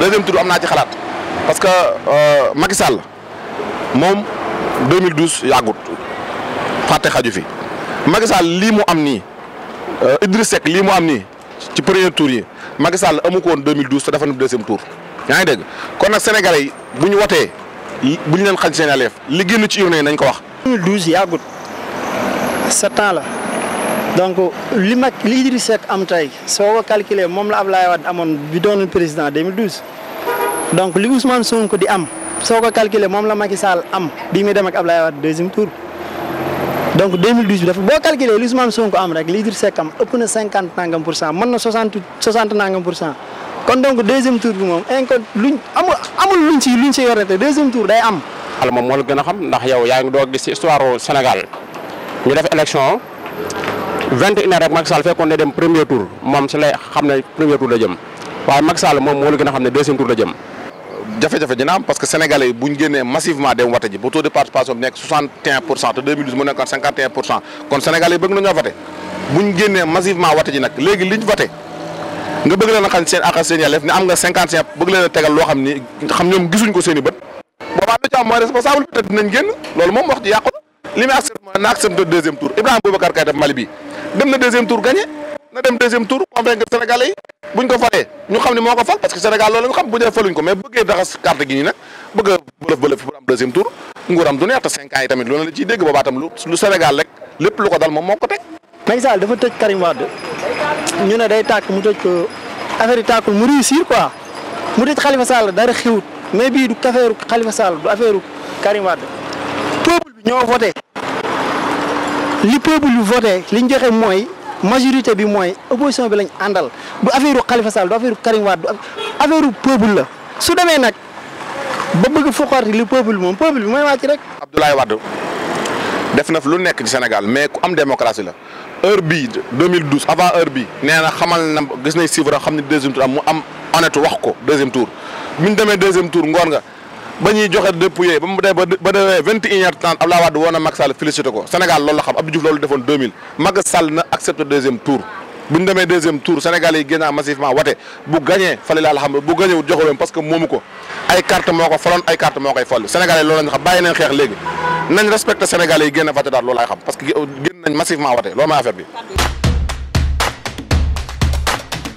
deuxième tour am naa ci xalaat parce que euh, Macky Sall moom 2012 yàggut fàtte xaju fi Macky lii mu am nii euh, Idriss Seck lii mu am nii ci premier tour yi Macky Sall amu ko woon 2012 te dafa nekk deuxième tour. yaa ngi dégg kon nag sénégal yi bu ñu watee bu ñu leen xañ seen i li génn ci urne yi nañ ko wax. 2012 yàggut sept ans la. donc li mag li Idriss Seck am tey soo ko calculer moom la Ablaye Wade amoon bi doon président 2012 donc li Ousmane Sonko di am soo ko calculer moom la Macky Sall am bi muy dem ak Ablaye Wade deuxième tour. donc 2012 bi dafa boo calculer li Ousmane Sonko am rek li Idriss Seck am ëpp na 50 nangam pour cent mën na 60 60 nangam pour cent kon donc deuxième tour bi moom inco luñ amul amul luñ ci luñ ci yorete deuxième tour day am. xel moom moo gën a xam ndax yow yaa ngi doog gis ci histoire Sénégal ñu def élection. vingt et une heures rek Macky Sall fekkoon ne dem premier tour moom si lay xam ne premier tour la jëm waaye Macky Sall moom moo la gën a xam ne deuxième tour la jëm. jafe-jafe dina am parce que sénégalais yi génnee massivement dem wate ji bu taux de participation bi nekk 61 pour cent te 2012 mu nekkoon 51 pour cent kon sénégalais bëgg nañoo voté bu ñu génnee massivement wate ji nag léegi liñ voté nga bëgg leen a xam seen am nga i bët. boobaa lu ci am mooy dem na deuxième tour gagné na dem deuxième tour convaincre Sénégalais yi buñ ko falee ñu xam ne moo ko fal parce que Sénégal loolu nga xam bu dee faluñ ko mais bëggee daxas carte gi nii nag bëgg a bëlëf bëlëf pour am deuxième lépp lu ko dal moom moo ko teg. Macky Sall dafa tëj Karim Wade ñu ne day tàkk mu tëj ko affaire yi tàkkul mu réussir quoi mu tëj Khalifa Sall dara xiwut mais bii du affaire Khalifa Sall du affaire Karim Wade peuple bi ñoo voté li peuple yu voté li ñu joxe mooy majorité bi mooy opposition bi lañ àndal du affaire Khalifa Sall du affaire Karim du affaire peuple la su demee nag ba bëgg foqaati li peuple moom peuple bi mooy wàcc rek. Abdoulaye Wade def na fi lu nekk ci Sénégal mais ku am démocratie la heure bii 2012 avant heure bi nee na xamal na gis nañ chiffre xam ne deuxième tour am mu am honnête wax ko deuxième tour bi ñu demee deuxième tour ngoon nga. ba ñuy joxe dépouillé ba mu dee ba dee vingt et un heures trente Abdoulaye Wade woo na Macky Sall félicité ko Sénégal loolu la xam Abdou Diouf loolu defoon 2000 Macky Sall na accepté deuxième tour bu ñu demee deuxième tour Sénégal yi génnaa massivement wate bu gagné fali la xam bu gagné wut parce que moomu ko ay carte moo ko faloon ay carte moo koy fal Sénégal yi loolu lañ xam bàyyi nañ xeex léegi nañ respecté Sénégal yi génn voté daal loolu laay